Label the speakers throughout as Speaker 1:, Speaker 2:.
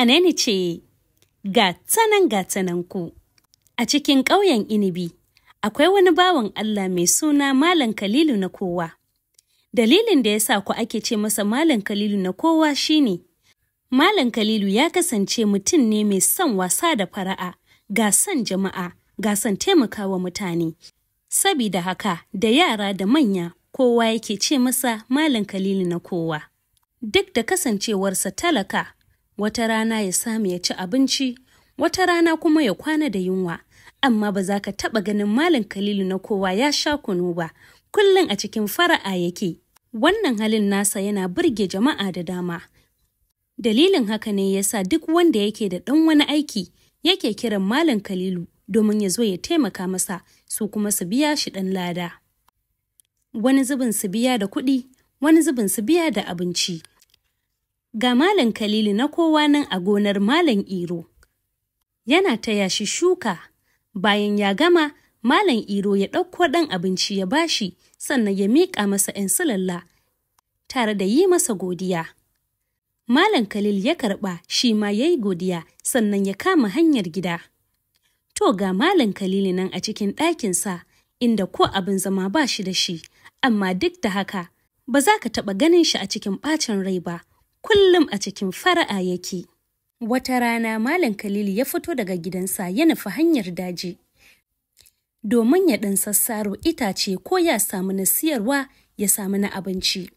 Speaker 1: Anani ce, Ga tsanan ga ku. A cikin ƙauyen inibi, akwai wani bawan Allah mai suna Malam Kalilu na kowa. Dalilin da ya sa ku ake ce masa Malam Kalilu na kowa shine, Malam Kalilu ya kasance mutum ne mai son wasa da fara'a, ga son jama'a, ga son taimakawa mutane. Sabida haka, da yara da manya, kowa yake ce masa Malam Kalilu na kowa. Duk da kasancewarsa talaka, wata rana ya samu ya ci abinci, wata rana kuma ya kwana da yunwa, amma ba za ka taɓa ganin Malam Kalilu na kowa ya sha kunu ba, kullum a cikin fara'a yake. Wannan halin nasa yana burge jama'a da dama. Dalilin haka ne ya sa duk wanda yake da ɗan wani aiki yake kiran Malam Kalilu domin ya zo ya taimaka masa su kuma su biya shi ɗan lada. Wani zubin su biya da kuɗi, wani zubin su biya da abinci. Ga Malam Kalilu na kowa nan a gonar Malam Iro. Yana ta yashi shuka, bayan ya gama Malam Iro ya ɗauko ɗan abinci ya bashi sannan ya miƙa masa ‘yan sulalla tare da yi masa godiya. Malam Kalil ya karɓa shi ma ya yi godiya sannan ya kama hanyar gida. To ga Malam Khalil nan a cikin ɗakinsa inda ko abin zama ba shi da shi, amma duk da haka ba za ka taɓa ganin shi a cikin ɓacin rai ba, kullum a cikin fara'a yake. Wata rana Malam Khalil ya fito daga gidansa ya nufi hanyar daji. Domin ya ɗan sassaro itace ko ya samu na siyarwa ya samu na abinci.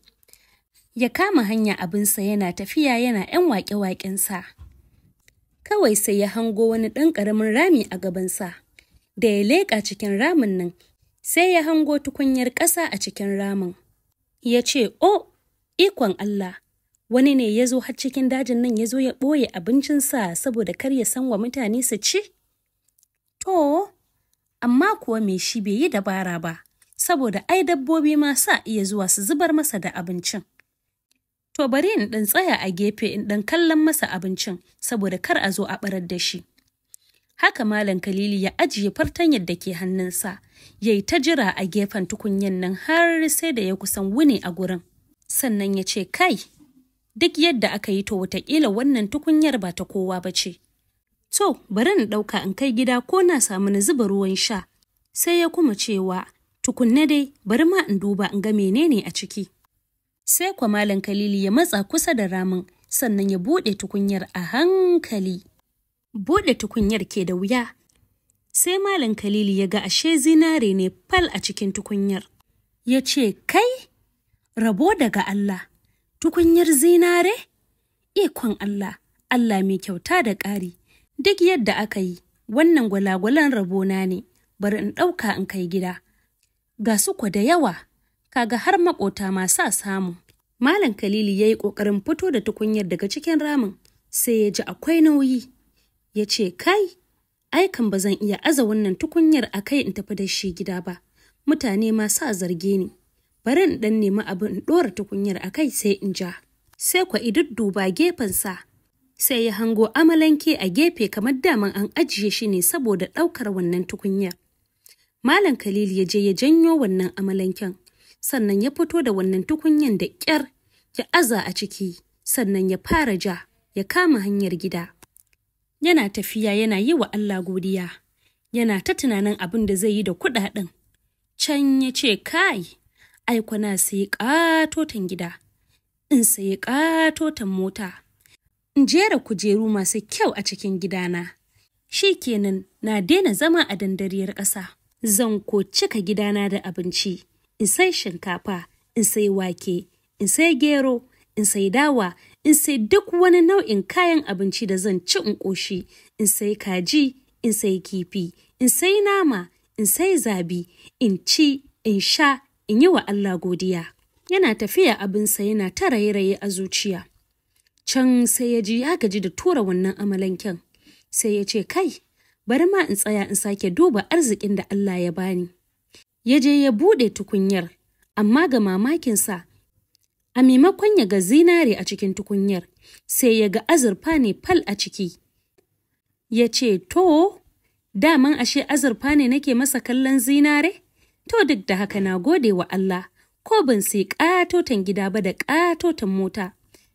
Speaker 1: Ya kama hanya abinsa yana tafiya yana ‘yan waƙe-waƙensa. Kawai sai ya hango wani ɗan ƙaramin rami a gabansa. Da ya leƙa cikin ramin nan, sai ya hango tukunyar ƙasa a cikin ramin. Ya ce, O, oh, ikon Allah, wani ne ya zo har cikin dajin nan ya zo ya ɓoye abincinsa saboda kar ya san wa mutane su ci? To, amma kuwa mai shi bai yi dabara ba, saboda ai dabbobi ma sa iya zuwa su zubar masa da abincin. To bari in ɗan tsaya a gefe in ɗan kallon masa abincin saboda kar a zo a ɓarar da shi. Haka Malam Kalili ya ajiye fartanyar da ke hannunsa, ya yi ta jira a gefen tukunyan nan har sai da ya kusan wuni a gurin. Sannan ya ce, Kai, duk yadda aka yi to watakila wannan tukunyar ba ta kowa ba ce. To, bari na ɗauka in kai gida ko na samu na zuba ruwan sha. Sai ya kuma cewa, tukunna dai bari ma in duba in ga menene a ciki. Sai kwa Malam Kalili ya matsa kusa da ramin, sannan ya buɗe tukunyar a hankali. Buɗe tukunyar ke da wuya. Sai Malam Kalili ya ga ashe zinare ne fal a cikin tukunyar. Ya ce, Kai, rabo daga Allah. tukunyar zinare? Ikon Allah, Allah mai kyauta da ƙari, duk yadda aka yi, wannan gwalagwalan rabona ne, bari in ɗauka in kai gida. Ga su da yawa, kaga har maƙota masu samu. Malam Kalili ya yi ƙoƙarin fito da tukunyar daga cikin ramin, sai ya ji akwai nauyi. Ya ce, Kai, aikan ba zan iya aza wannan tukunyar a kai in tafi da shi gida ba, mutane ma sa zarge ni. bari in ɗan nemi abin in ɗora tukunyar a kai sai in ja. Sai kwa idudduba gefensa, sai ya hango amalanke a gefe kamar daman an ajiye shi ne saboda ɗaukar wannan tukunyar. Malam Khalil ya je ya janyo wannan amalanken, sannan ya fito da wannan tukunyar da ƙyar ya aza a ciki, sannan ya fara ja, ya kama hanyar gida. Yana tafiya yana yi wa Allah godiya, yana ta tunanin abin da zai yi da kuɗaɗen. Can ya ce kai, aiko na sayi ƙatoton gida, in sayi ƙatoton mota, in jera kujeru masu kyau a cikin gidana. Shi kenan na daina zama a dandariyar ƙasa, zan ko cika gidana da abinci, in sai shinkafa, in sai wake, in sai gero, in sai dawa, in sai duk wani nau'in kayan abinci da zan ci in ƙoshi, in sai kaji, in sai kifi, in sai nama, in sai zabi, in ci, in sha, in yi wa Allah godiya. Yana tafiya abinsa yana ta raye-raye a zuciya. Can sai ya ji ya gaji da tura wannan amalan amalanken. Sai ya ce, Kai, bari ma in tsaya in sake duba arzikin da Allah ya bani. Ya je ya buɗe tukunyar, amma ga mamakinsa, a maimakon ya ga zinare a cikin tukunyar, sai ya ga azurfa ne fal a ciki. Ya ce, To, daman ashe azurfa ne nake masa kallon zinare? To duk da haka na gode wa Allah, ko ban sai ƙatoton gida ba da ƙatoton mota.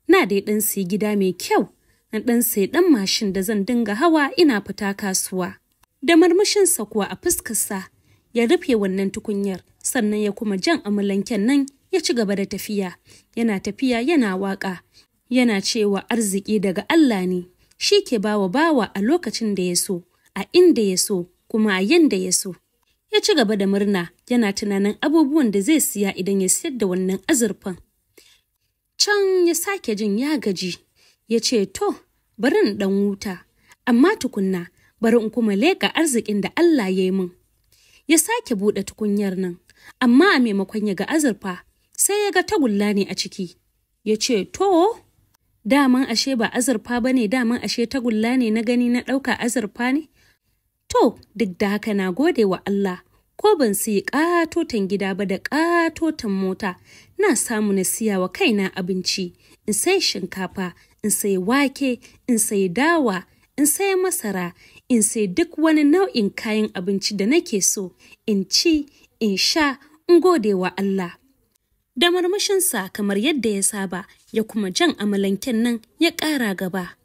Speaker 1: Na dai ɗan sai gida mai kyau, na ɗan sai ɗan mashin da zan dinga hawa ina fita kasuwa. Da marmushinsa kuwa a fuskarsa, ya rufe wannan tukunyar, sannan ya kuma jan amulanken nan ya ci gaba da tafiya, yana tafiya yana waƙa, yana cewa arziki daga Allah ne, shi ke bawa bawa a lokacin da ya so, a inda ya so, kuma a yanda ya so. Ya ci gaba da murna, yana tunanin abubuwan da zai siya idan ya siyar da wannan azurfan. Can ya sake jin ya gaji, ya ce, To, bari in ɗan wuta, amma tukunna, bari in kuma leƙa arzikin da Allah ya yi min. Ya sake buɗe tukunyar nan, amma a maimakon ya ga azurfa, sai ya ga tagulla ne a ciki. Ya ce, To, daman ashe ba azurfa ba ne, daman ashe tagulla ne na gani na ɗauka azurfa ne? To, duk da haka na gode wa Allah, ko ban sayi ƙatotan gida ba da ƙatotan mota na samu na siya wa kaina abinci in sayi shinkafa in sayi wake in sayi dawa in sayi masara in sayi duk wani nau'in kayan abinci da nake so in ci in sha in gode wa Allah da marmashinsa kamar yadda ya saba ya kuma jan amalanken nan ya ƙara gaba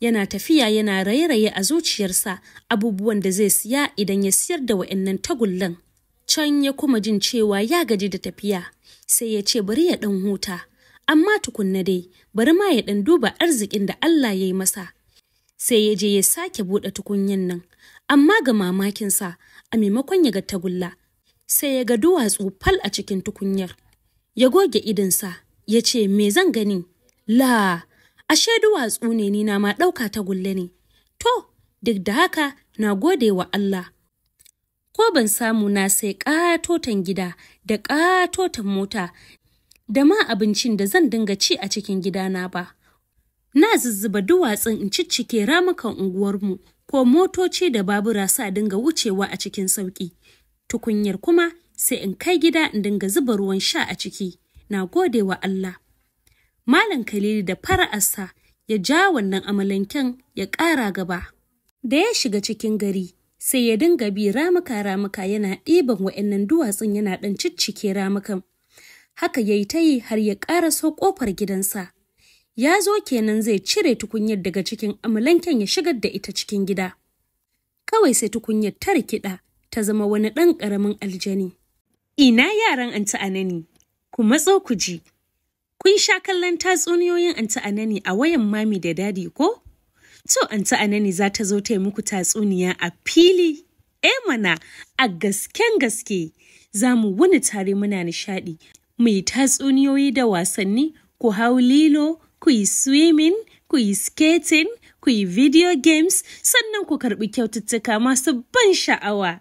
Speaker 1: yana tafiya yana raye-raye a zuciyarsa abubuwan da zai siya idan ya siyar da wa'annan tagullan. Can ya kuma jin cewa ya gaji da tafiya, sai ya ce bari ya ɗan huta, amma tukunna dai bari ma ya ɗan duba arzikin da Allah ya yi masa. Sai ya je ya sake buɗe tukunyan nan, amma ga mamakinsa a maimakon ya ga tagulla, sai ya ga duwatsu fal a cikin tukunyar. Ya goge idonsa, ya ce me zan gani? La, ashe duwatsu ne ni ma ɗauka ta gulle ne. To, duk da haka na gode wa Allah. Ko ban samu na sai ƙatotan gida da ƙatotan mota da ma abincin da zan dinga ci a cikin gidana ba. Na zuzzuba duwatsun in ciccike ramukan unguwarmu ko motoci da babura sa dinga wucewa a cikin sauƙi. Tukunyar kuma sai in kai gida in dinga zuba ruwan sha a ciki. Na gode wa Allah. Malam Khalil da fara'arsa ya ja wannan amalanken ya ƙara gaba. Da ya shiga cikin gari, sai ya dinga bi ramuka-ramuka yana ɗiban wa'annan duwatsun yana ɗan ciccike ramukan. Haka ya yi ta yi har ya ƙara so ƙofar gidansa. Ya zo kenan zai cire tukunyar daga cikin amalanken ya shigar da ita cikin gida. Kawai sai tukunyar ta rikiɗa, ta zama wani ɗan ƙaramin aljani. Ina yaran anti anani, ku matso ku ji. Kun sha kallon tatsuniyoyin Anta Anani a wayan mami da dadi ko? To Anta Anani za ta zo ta muku tatsuniya a fili. E mana a gasken gaske za mu wani tare muna nishaɗi. Mu tatsuniyoyi da wasanni, ku hau lilo, ku yi swimming, ku yi skating, ku yi video games, sannan ku karɓi kyaututtuka masu ban sha'awa.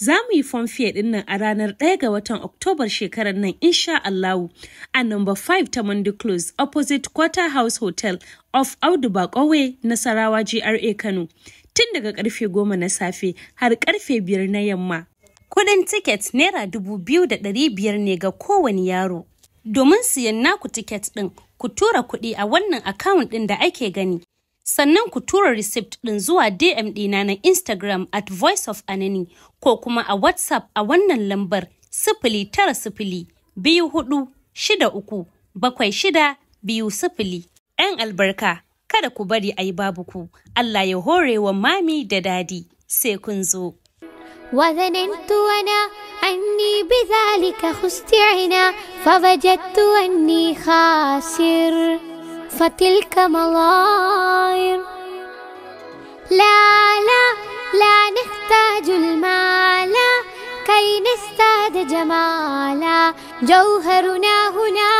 Speaker 1: Za mu yi fomfiye din nan a ranar 1 ga watan Oktobar shekarar nan insha Allahu a number 5 ta Monday Close opposite Quarter House Hotel of Audu Bakowe Nasarawa GRA Kano tun daga karfe 10 na safe har karfe 5 na yamma. Kudin tiket naira dubu biyu da biyar ne ga kowane yaro. Domin siyan naku tiket ɗin, ku tura kuɗi a wannan akawun ɗin da ake gani. sannan ku tura receipt ɗin zuwa DM ɗina na Instagram at Voice of Anani ko kuma a WhatsApp a wannan lambar sifili tara sifili biyu hudu shida uku bakwai shida biyu sifili. ‘Yan albarka, kada ku bari a yi babu ku, Allah ya hore wa mami da dadi sai kun zo. أني بذلك خستعنا فوجدت أني خاسر فتلك مظاهر لا لا لا نحتاج المال كي نزداد جمالا جوهرنا هنا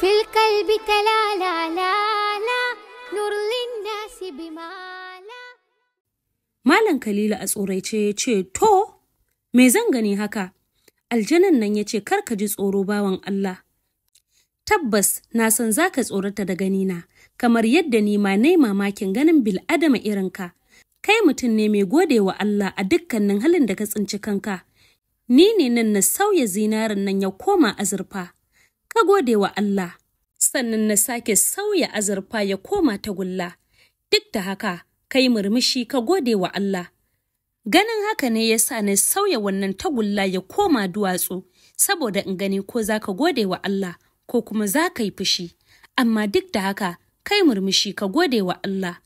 Speaker 1: في القلب تلالا لا لا نور للناس بما Malam Kalila a tsoraice ya ce, To, me zan gani haka? Aljanan nan ya ce, Kar ka ji tsoro bawan Allah, Tabbas na san za ka tsorata da ganina, kamar yadda ni ma nai mamakin ganin bil'adama irinka. Kai mutum ne mai gode wa Allah a dukkanin halin da ka tsinci kanka. Ni ne nan na sauya zinarin nan ya koma azurfa. Ka gode wa Allah, sannan na sake sauya azurfa ya koma tagulla. Duk da haka, kai murmushi ka gode wa Allah. Ganin haka ne ya sa na sauya wannan tagulla ya koma duwatsu, saboda in gani ko za ka gode wa Allah, ko kuma za ka yi fushi, amma duk da haka kai murmushi ka gode wa Allah.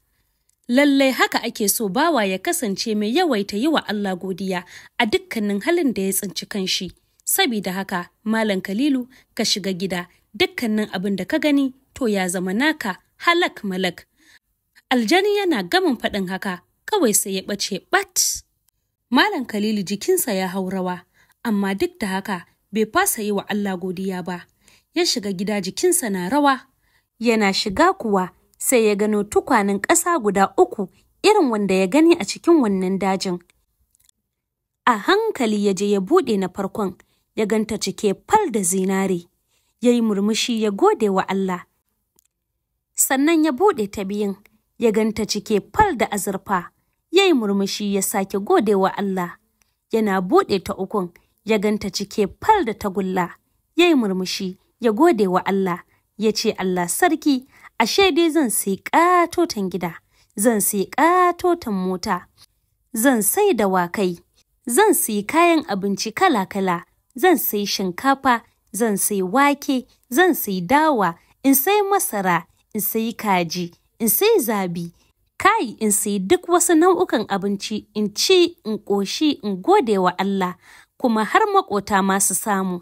Speaker 1: Lallai haka ake so bawa ya kasance mai yawaita yi wa Allah godiya a dukkanin halin da ya tsinci kanshi. Sabida haka, Malam Kalilu ka shiga gida dukkanin abin da ka gani to ya zama naka halak malak. Aljani yana gamin faɗin haka kawai sai ya ɓace ɓat. Malam Kalilu jikinsa ya haurawa, amma duk da haka bai fasa yi wa Allah godiya ba. ya shiga gida jikinsa na rawa. Yana shiga kuwa sai ya gano tukwanen ƙasa guda uku irin wanda ya gani a cikin wannan dajin. A hankali ya je ya buɗe na farkon, ya ganta cike fal da zinare, ya yi murmushi ya gode wa Allah. Sannan ya buɗe ta biyun, ya ganta cike fal da azurfa, ya yi murmushi ya sake gode wa Allah. Yana buɗe ta ukun, ya ganta cike fal da tagulla, ya yi murmushi ya gode wa Allah, ya ce Allah sarki, ashe dai zan sai ƙatoton gida, zan sai ƙatotan mota, zan sai dawakai, zan sai kayan abinci kala-kala, zan sai shinkafa, zan sai wake, zan sai dawa, in sai masara, in sai kaji, in sai zabi, kai in sai duk wasu nau'ukan abinci, in ci, in ƙoshi, in gode wa Allah, kuma har maƙota masu samu.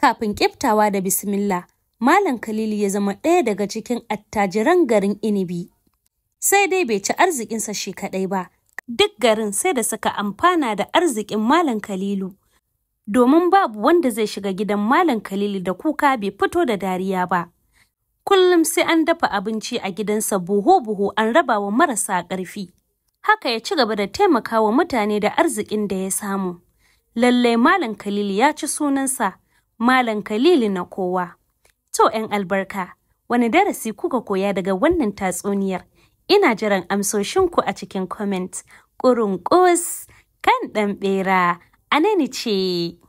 Speaker 1: kafin ƙiftawa da bismillah Malam Khalil ya zama ɗaya daga cikin attajiran garin Inibi. Sai dai bai ci arzikinsa shi kaɗai ba, duk garin sai da suka amfana da arzikin Malam Khalilu. Domin babu wanda zai shiga gidan Malam Kalilu da kuka bai fito da dariya ba. Kullum sai an dafa abinci a gidansa buhu-buhu an raba wa marasa ƙarfi. Haka ya ci gaba da taimakawa mutane da arzikin da ya samu. Lallai Malam Khalilu ya ci sunansa. Malam Kalilu na kowa. To ‘yan albarka, wani darasi kuka koya daga wannan tatsuniyar? Ina jiran amsoshinku a cikin comment. ƙurunƙus kan ɗan ɓera, anani ce.